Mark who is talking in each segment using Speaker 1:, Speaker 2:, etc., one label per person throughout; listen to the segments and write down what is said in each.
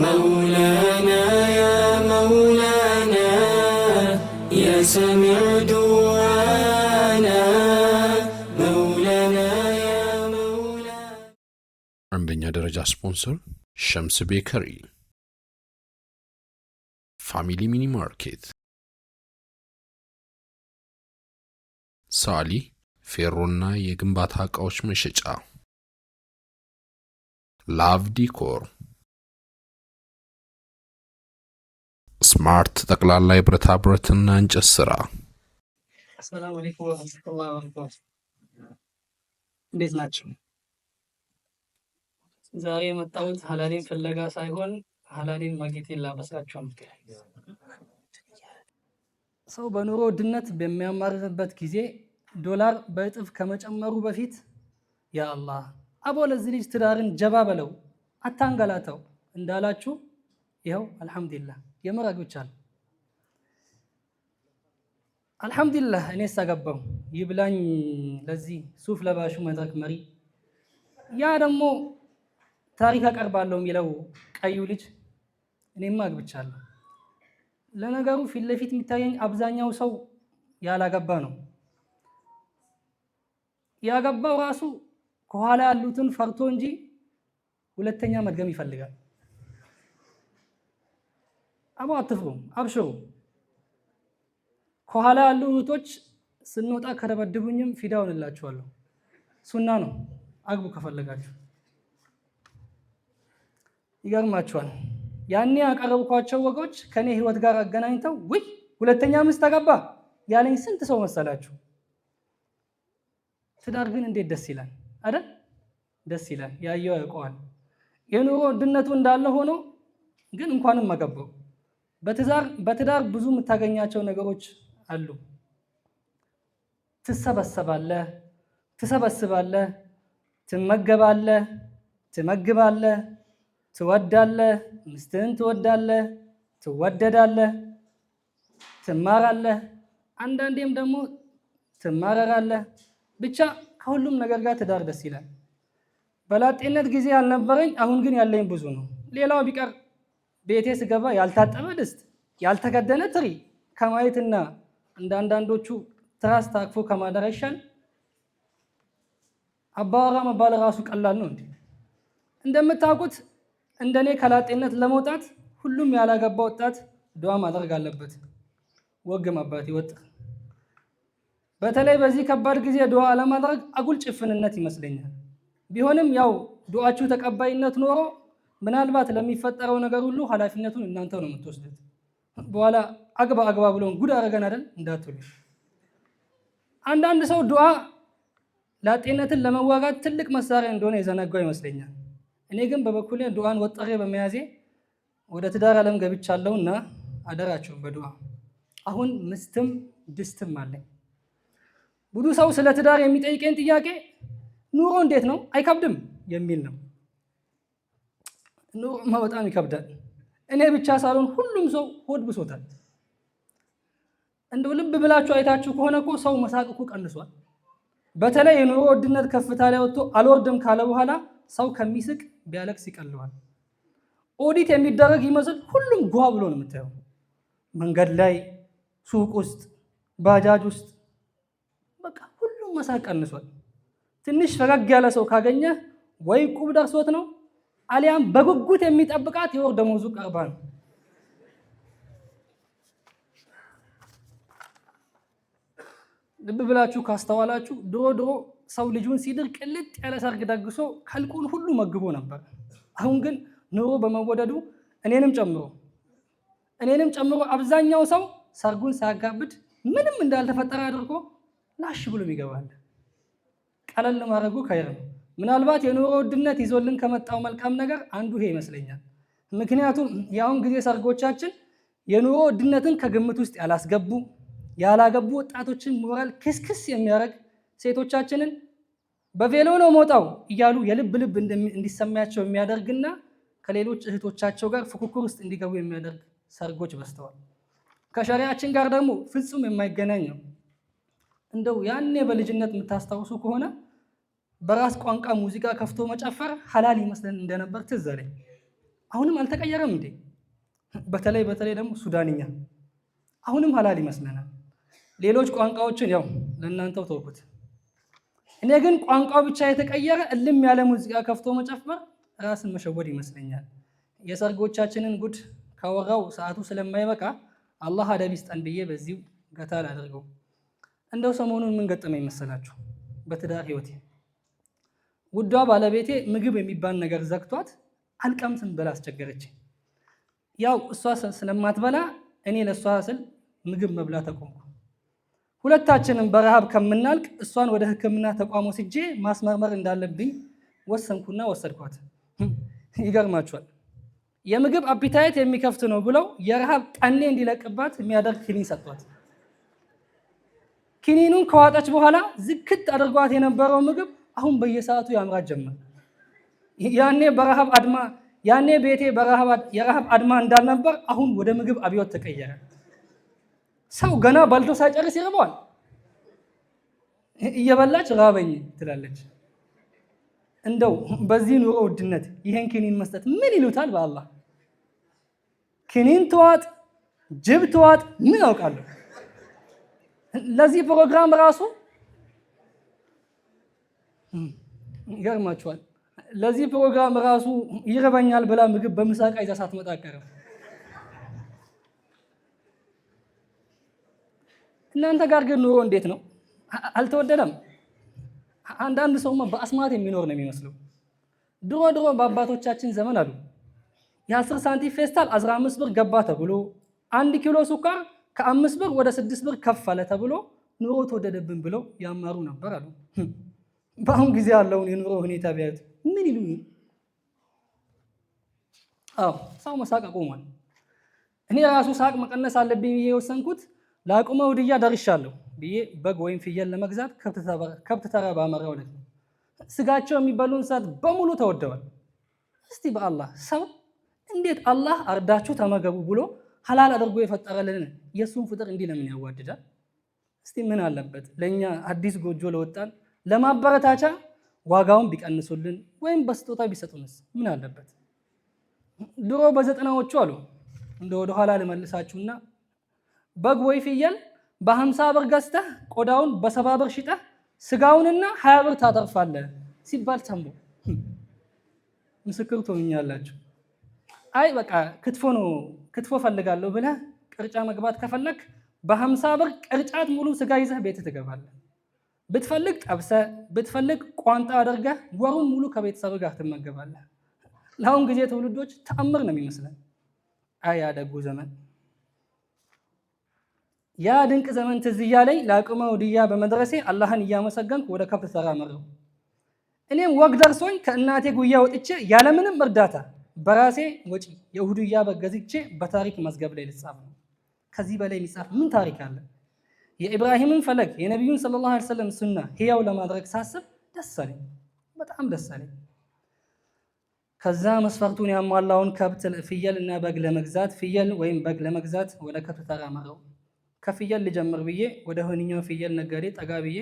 Speaker 1: مولانا يا مولانا يا سميع دعانا مولانا يا مولانا አንደኛ ደረጃ ስፖንሰር ሸምስ ቤከሪ፣ ፋሚሊ ሚኒ ማርኬት፣ ሳሊ ፌሮና የግንባታ ዕቃዎች መሸጫ፣ ላቭ ዲኮር ስማርት ጠቅላላ የብረታ ብረትና እንጨት ስራ።
Speaker 2: አሰላሙ አለይኩም ወረህመቱላሂ ወበረካቱ። እንዴት ናቸው? ዛሬ የመጣሁት ሀላሌን ፍለጋ ሳይሆን ሀላሌን ማግኘቴን ላበስራቸው። ሰው በኑሮ ውድነት በሚያማርርበት ጊዜ ዶላር በእጥፍ ከመጨመሩ በፊት ያአላህ አቦ ለዚህ ልጅ ትዳርን ጀባ በለው አታንገላተው እንዳላችሁ ይኸው አልሐምዱሊላህ የምር አግብቻለሁ። አልሐምዱሊላህ እኔ ሳገባው ይብላኝ ለዚህ ሱፍ ለባሹ መድረክ መሪ። ያ ደግሞ ታሪክ አቀርባለሁ የሚለው ቀዩ ልጅ እኔማ አግብቻለሁ። ለነገሩ ፊት ለፊት የሚታየኝ አብዛኛው ሰው ያላገባ ነው። ያገባው ራሱ ከኋላ ያሉትን ፈርቶ እንጂ ሁለተኛ መድገም ይፈልጋል። አበው አትፍሩ፣ አብሽሩ። ከኋላ ያሉ እህቶች ስንወጣ ከደበድቡኝም ፊዳ ሆንላችኋለሁ። ሱና ነው። አግቡ ከፈለጋችሁ። ይገርማችኋል። ያኔ ያቀረብኳቸው ወጎች ከኔ ህይወት ጋር አገናኝተው ውይ ሁለተኛ ሚስት አገባ ያለኝ ስንት ሰው መሰላችሁ? ትዳር ግን እንዴት ደስ ይላል አይደል? ደስ ይላል። ያየው ያውቀዋል። የኑሮ ውድነቱ እንዳለ ሆኖ ግን እንኳንም አገባው በትዳር ብዙ የምታገኛቸው ነገሮች አሉ። ትሰበሰባለህ፣ ትሰበስባለህ፣ ትመገባለህ፣ ትመግባለህ፣ ትወዳለህ፣ ምስትህን ትወዳለህ፣ ትወደዳለህ፣ ትማራለህ፣ አንዳንዴም ደግሞ ትማረራለህ። ብቻ ከሁሉም ነገር ጋር ትዳር ደስ ይላል። በላጤነት ጊዜ አልነበረኝ፣ አሁን ግን ያለኝ ብዙ ነው። ሌላው ቢቀር ቤቴ ስገባ ያልታጠበ ድስት፣ ያልተከደነ ትሪ ከማየትና እንደ አንዳንዶቹ ትራስ ታቅፎ ከማደር ይሻል። አባወራ መባል ራሱ ቀላል ነው እንዴ? እንደምታውቁት እንደኔ ከላጤነት ለመውጣት ሁሉም ያላገባ ወጣት ድዋ ማድረግ አለበት። ወግ ማባት ይወጥ። በተለይ በዚህ ከባድ ጊዜ ድዋ ለማድረግ አጉል ጭፍንነት ይመስለኛል። ቢሆንም ያው ድዋችሁ ተቀባይነት ኖሮ ምናልባት ለሚፈጠረው ነገር ሁሉ ኃላፊነቱን እናንተ ነው የምትወስዱት። በኋላ አግባ አግባ ብሎን ጉድ አረገን አይደል እንዳትሉ። አንዳንድ ሰው ዱዓ ላጤነትን ለመዋጋት ትልቅ መሳሪያ እንደሆነ የዘነጋው ይመስለኛል። እኔ ግን በበኩሌ ዱዓን ወጠሬ በመያዜ ወደ ትዳር ዓለም ገብቻለሁ እና አደራችሁም በዱዓ አሁን ምስትም ድስትም አለኝ። ብዙ ሰው ስለ ትዳር የሚጠይቀኝ ጥያቄ ኑሮ እንዴት ነው አይከብድም የሚል ነው። ኖማ በጣም ይከብዳል። እኔ ብቻ ሳልሆን ሁሉም ሰው ሆድ ብሶታል። እንደው ልብ ብላችሁ አይታችሁ ከሆነ እኮ ሰው መሳቅ እኮ ቀንሷል። በተለይ የኑሮ ውድነት ከፍታ ላይ ወጥቶ አልወርድም ካለ በኋላ ሰው ከሚስቅ ቢያለቅስ ይቀለዋል። ኦዲት የሚደረግ ይመስል ሁሉም ጓ ብሎ ነው የምታየው። መንገድ ላይ፣ ሱቅ ውስጥ፣ ባጃጅ ውስጥ በቃ ሁሉም መሳቅ ቀንሷል። ትንሽ ፈገግ ያለ ሰው ካገኘ ወይ ቁብ ደርሶት ነው አሊያም በጉጉት የሚጠብቃት የወር ደመወዙ ቀርባ ነው። ልብ ብላችሁ ካስተዋላችሁ ድሮ ድሮ ሰው ልጁን ሲድር ቅልጥ ያለ ሰርግ ደግሶ ከልቁል ሁሉ መግቦ ነበር። አሁን ግን ኑሮ በመወደዱ እኔንም ጨምሮ እኔንም ጨምሮ አብዛኛው ሰው ሰርጉን ሳያጋብድ ምንም እንዳልተፈጠረ አድርጎ ላሽ ብሎም ይገባል። ቀለል ማድረጉ ከይር ነው። ምናልባት የኑሮ ውድነት ይዞልን ከመጣው መልካም ነገር አንዱ ይሄ ይመስለኛል። ምክንያቱም የአሁን ጊዜ ሰርጎቻችን የኑሮ ውድነትን ከግምት ውስጥ ያላስገቡ ያላገቡ ወጣቶችን ሞራል ክስክስ የሚያደርግ ሴቶቻችንን በቬሎ ነው ሞጣው እያሉ የልብ ልብ እንዲሰማያቸው የሚያደርግና ከሌሎች እህቶቻቸው ጋር ፉክክር ውስጥ እንዲገቡ የሚያደርግ ሰርጎች በዝተዋል። ከሸሪያችን ጋር ደግሞ ፍጹም የማይገናኝ ነው። እንደው ያኔ በልጅነት የምታስታውሱ ከሆነ በራስ ቋንቋ ሙዚቃ ከፍቶ መጨፈር ሀላል ይመስለን እንደነበር ትዝ አለኝ። አሁንም አልተቀየረም እንዴ? በተለይ በተለይ ደግሞ ሱዳንኛ አሁንም ሀላል ይመስለናል። ሌሎች ቋንቋዎችን ያው ለእናንተው ተውኩት። እኔ ግን ቋንቋው ብቻ የተቀየረ እልም ያለ ሙዚቃ ከፍቶ መጨፈር ራስን መሸወድ ይመስለኛል። የሰርጎቻችንን ጉድ ካወራው ሰዓቱ ስለማይበቃ አላህ አደብ ይስጠን ብዬ በዚሁ ገታ ላደርገው። እንደው ሰሞኑን ምን ገጠመኝ መሰላችሁ? በትዳር ህይወቴ ውዷ ባለቤቴ ምግብ የሚባል ነገር ዘግቷት አልቀምስም ብላ አስቸገረች ያው እሷ ስለማትበላ እኔ ለእሷ ስል ምግብ መብላት አቆምኩ። ሁለታችንም በረሃብ ከምናልቅ እሷን ወደ ሕክምና ተቋም ወስጄ ማስመርመር እንዳለብኝ ወሰንኩና ወሰድኳት። ይገርማችኋል፣ የምግብ አፒታይት የሚከፍት ነው ብለው የረሃብ ጠኔ እንዲለቅባት የሚያደርግ ኪኒን ሰጥቷት፣ ኪኒኑን ከዋጠች በኋላ ዝክት አድርጓት የነበረው ምግብ አሁን በየሰዓቱ ያምራት ጀመር። ያኔ በረሃብ አድማ ያኔ ቤቴ የረሃብ አድማ እንዳልነበር አሁን ወደ ምግብ አብዮት ተቀየረ። ሰው ገና በልቶ ሳይጨርስ ይርበዋል። እየበላች ራበኝ ትላለች። እንደው በዚህ ኑሮ ውድነት ይሄን ክኒን መስጠት ምን ይሉታል? በአላህ ክኒን ተዋጥ፣ ጅብ ተዋጥ፣ ምን አውቃለሁ። ለዚህ ፕሮግራም ራሱ ይገርማችኋል። ለዚህ ፕሮግራም ራሱ ይረበኛል ብላ ምግብ በምሳቃ ይዛ ሳትመጣ ቀርም እናንተ ጋር ግን ኑሮ እንዴት ነው? አልተወደደም? አንዳንድ ሰውማ በአስማት የሚኖር ነው የሚመስለው። ድሮ ድሮ በአባቶቻችን ዘመን አሉ የአስር ሳንቲም ፌስታል 15 ብር ገባ ተብሎ አንድ ኪሎ ስኳር ከአምስት ብር ወደ ስድስት ብር ከፍ አለ ተብሎ ኑሮ ተወደደብን ብለው ያማሩ ነበር አሉ። በአሁን ጊዜ ያለውን የኑሮ ሁኔታ ቢያዩት ምን ይሉ? አዎ ሰው መሳቅ አቆሟል። እኔ ራሱ ሳቅ መቀነስ አለብኝ ብዬ የወሰንኩት ለአቁመ ውድያ ደርሻለሁ ብዬ በግ ወይም ፍየል ለመግዛት ከብት ተራ ባመራው ዕለት ነው። ስጋቸው የሚበሉ እንስሳት በሙሉ ተወደዋል። እስቲ በአላህ ሰው እንዴት አላህ አርዳችሁ ተመገቡ ብሎ ሀላል አድርጎ የፈጠረልን የእሱን ፍጥር እንዲህ ለምን ያዋድዳል? እስቲ ምን አለበት ለእኛ አዲስ ጎጆ ለወጣን ለማበረታቻ ዋጋውን ቢቀንሱልን ወይም በስጦታ ቢሰጡንስ ምን አለበት? ድሮ በዘጠናዎቹ አሉ እንደ ወደኋላ ልመልሳችሁና በግ ወይ ፍየል በሀምሳ ብር ገዝተህ ቆዳውን በሰባ ብር ሽጠህ ስጋውንና ሀያ ብር ታተርፋለህ ሲባል ሰምቦ ምስክር ትሆኛላችሁ። አይ በቃ ክትፎ ነው ክትፎ ፈልጋለሁ ብለህ ቅርጫ መግባት ከፈለክ በሀምሳ ብር ቅርጫት ሙሉ ስጋ ይዘህ ቤት ትገባለህ። ብትፈልግ ጠብሰ ብትፈልግ ቋንጣ አድርገህ ወሩን ሙሉ ከቤተሰብ ጋር ትመገባለህ። ለአሁን ጊዜ ትውልዶች ተአምር ነው የሚመስለን። አይ ያደጉ ዘመን ያ ድንቅ ዘመን ትዝያ ላይ ለአቅመ ውድያ በመድረሴ አላህን እያመሰገንኩ ወደ ከብት ተራ መረው እኔም ወግ ደርሶኝ ከእናቴ ጉያ ወጥቼ ያለምንም እርዳታ በራሴ ወጪ የውህዱያ በገዝቼ ገዝቼ በታሪክ መዝገብ ላይ ልጻፍ ነው። ከዚህ በላይ የሚጻፍ ምን ታሪክ አለ? የኢብራሂምን ፈለግ የነቢዩን ሰለላሁ ዐለይሂ ወሰለም ሱና ህያው ለማድረግ ሳስብ ደስ አለኝ፣ በጣም ደስ አለኝ። ከዛ መስፈርቱን ያሟላውን ከብት ፍየል እና በግ ለመግዛት ፍየል ወይም በግ ለመግዛት ወደ ከብት ተራ መራው። ከፍየል ልጀምር ብዬ ወደ ሆንኛው ፍየል ነጋዴ ጠጋ ብዬ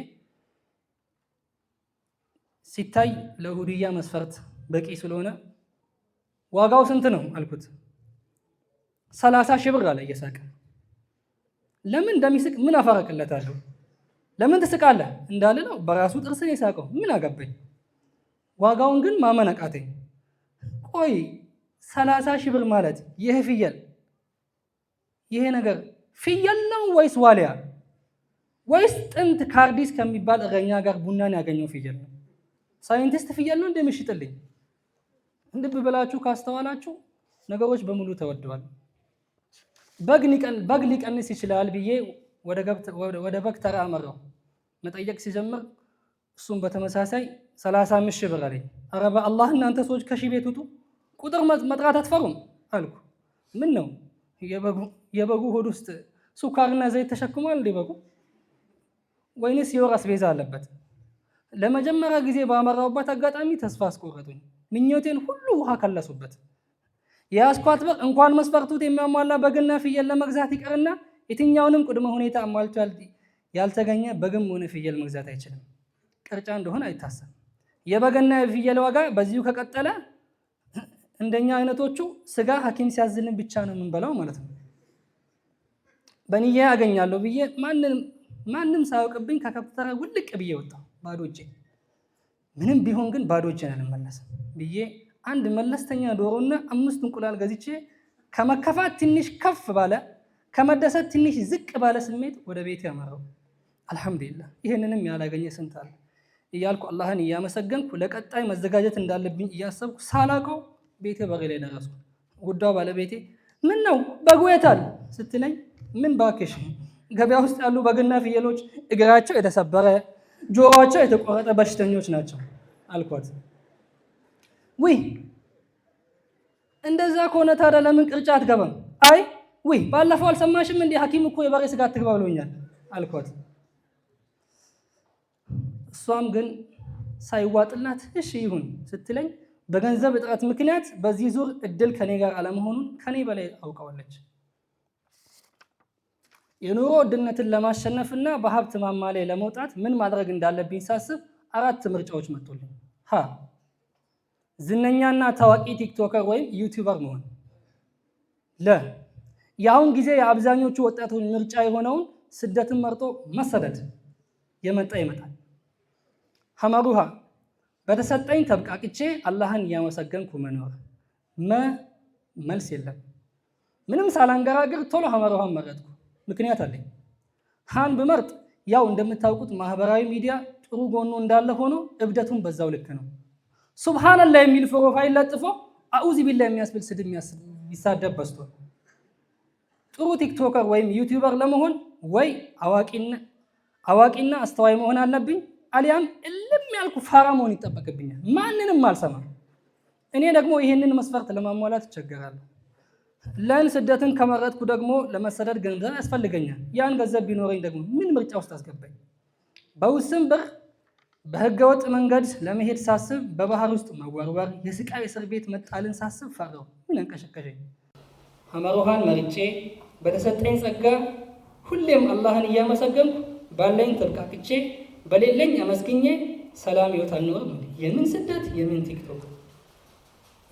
Speaker 2: ሲታይ ለእሁድያ መስፈርት በቂ ስለሆነ ዋጋው ስንት ነው አልኩት። ሰላሳ ሺህ ብር አለ እየሳቀ ለምን እንደሚስቅ ምን አፈረቅለታለሁ? ለምን ትስቃለህ እንዳለ ነው በራሱ ጥርስን የሳቀው ምን አገባኝ። ዋጋውን ግን ማመን አቃተኝ። ቆይ ሰላሳ ሺህ ብር ማለት ይሄ ፍየል ይሄ ነገር ፍየል ነው ወይስ ዋልያ ወይስ ጥንት ካርዲስ ከሚባል እረኛ ጋር ቡናን ያገኘው ፍየል ነው? ሳይንቲስት ፍየል ነው እንደምሽጥልኝ። ልብ ብላችሁ ካስተዋላችሁ ነገሮች በሙሉ ተወደዋል። በግ ሊቀንስ ይችላል ብዬ ወደ በግ ተራ አመራው። መጠየቅ ሲጀምር እሱም በተመሳሳይ 35 አምስት ሺህ ብር አለኝ። ኧረ በአላህ እናንተ ሰዎች ከሺህ ቤት ውጡ፣ ቁጥር መጥራት አትፈሩም አልኩ። ምን ነው የበጉ ሆድ ውስጥ ሱካርና ዘይት ተሸክሟል እንዴ በጉ? ወይንስ የወር አስቤዛ አለበት? ለመጀመሪያ ጊዜ ባመራውበት አጋጣሚ ተስፋ አስቆረጡኝ። ምኞቴን ሁሉ ውሃ ከለሱበት። የያዝኳት በግ እንኳን መስፈርቱት የሚያሟላ በግና ፍየል ለመግዛት ይቅርና የትኛውንም ቅድመ ሁኔታ አሟልቷል ያልተገኘ በግም ሆነ ፍየል መግዛት አይችልም። ቅርጫ እንደሆነ አይታሰብም። የበግና የፍየል ዋጋ በዚሁ ከቀጠለ እንደኛ አይነቶቹ ስጋ ሐኪም ሲያዝልን ብቻ ነው የምንበላው ማለት ነው። በንያ ያገኛለሁ ብዬ ማንም ሳያውቅብኝ ከከብተራ ውልቅ ብዬ ወጣሁ ባዶ እጄ። ምንም ቢሆን ግን ባዶ እጄን አልመለስም ብዬ አንድ መለስተኛ ዶሮና አምስት እንቁላል ገዝቼ ከመከፋት ትንሽ ከፍ ባለ ከመደሰት ትንሽ ዝቅ ባለ ስሜት ወደ ቤት ያመራው። አልሐምዱሊላህ ይህንንም ያላገኘ ስንት አለ እያልኩ አላህን እያመሰገንኩ ለቀጣይ መዘጋጀት እንዳለብኝ እያሰብኩ ሳላቀው ቤቴ በሬ ላይ ደረስኩ። ጉዳዩ ባለቤቴ ምን ነው በጉ የት አለ ስትለኝ፣ ምን ባክሽ ገበያ ውስጥ ያሉ በግና ፍየሎች እግራቸው የተሰበረ ጆሮአቸው የተቆረጠ በሽተኞች ናቸው አልኳት። ውይ እንደዛ ከሆነ ታዲያ ለምን ቅርጫ አትገባም? አይ ውይ ባለፈው አልሰማሽም እንዴ ሐኪም እኮ የበሬ ስጋ አትግባ ብሎኛል አልኳት። እሷም ግን ሳይዋጥላት እሺ ይሁን ስትለኝ በገንዘብ እጥረት ምክንያት በዚህ ዙር እድል ከኔ ጋር አለመሆኑን ከኔ በላይ አውቀዋለች። የኑሮ ውድነትን ለማሸነፍ እና በሀብት ማማ ላይ ለመውጣት ምን ማድረግ እንዳለብኝ ሳስብ አራት ምርጫዎች መጡልኝ። ሃ? ዝነኛና ታዋቂ ቲክቶከር ወይም ዩቲዩበር መሆን። ለ የአሁን ጊዜ የአብዛኞቹ ወጣቶች ምርጫ የሆነውን ስደትን መርጦ መሰደድ የመጣ ይመጣል። ሀመሩሃ በተሰጠኝ ተብቃቅቼ አላህን እያመሰገንኩ መኖር። መ መልስ የለም። ምንም ሳላንገራግር ቶሎ ሀመሩሃን መረጥኩ። ምክንያት አለኝ። ሀን ብመርጥ ያው እንደምታውቁት ማህበራዊ ሚዲያ ጥሩ ጎኑ እንዳለ ሆኖ እብደቱን በዛው ልክ ነው። ሱብሃንላ የሚል ፕሮፋይል ለጥፎ አኡዚ ቢላ የሚያስብል ስድብ ይሳደብ በዝቷል። ጥሩ ቲክቶከር ወይም ዩቲዩበር ለመሆን ወይ አዋቂና አስተዋይ መሆን አለብኝ፣ አሊያም እልም ያልኩ ፋራ መሆን ይጠበቅብኛል። ማንንም አልሰማም። እኔ ደግሞ ይህንን መስፈርት ለማሟላት እቸገራለሁ። ለን ስደትን ከመረጥኩ ደግሞ ለመሰደድ ገንዘብ ያስፈልገኛል። ያን ገንዘብ ቢኖረኝ ደግሞ ምን ምርጫ ውስጥ አስገባኝ? በውስን ብር በህገወጥ መንገድ ለመሄድ ሳስብ በባህር ውስጥ መወርወር፣ የስቃይ እስር ቤት መጣልን ሳስብ ፈራሁ። ምን አንቀሸቀሸኝ? አመሮሃን መርጬ በተሰጠኝ ጸጋ ሁሌም አላህን እያመሰገንኩ ባለኝ ተብቃቅቼ በሌለኝ አመስግኜ ሰላም ህይወት አልኖርም። የምን ስደት የምን ቲክቶክ።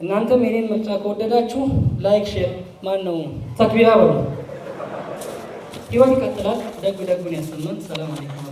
Speaker 2: እናንተም የኔን ምርጫ ከወደዳችሁ ላይክ፣ ሼር ማን ነው ተክቢራ በሉ። ህይወት ይቀጥላል። ደግ ደጉን ያሰማን። ሰላም አለይኩም።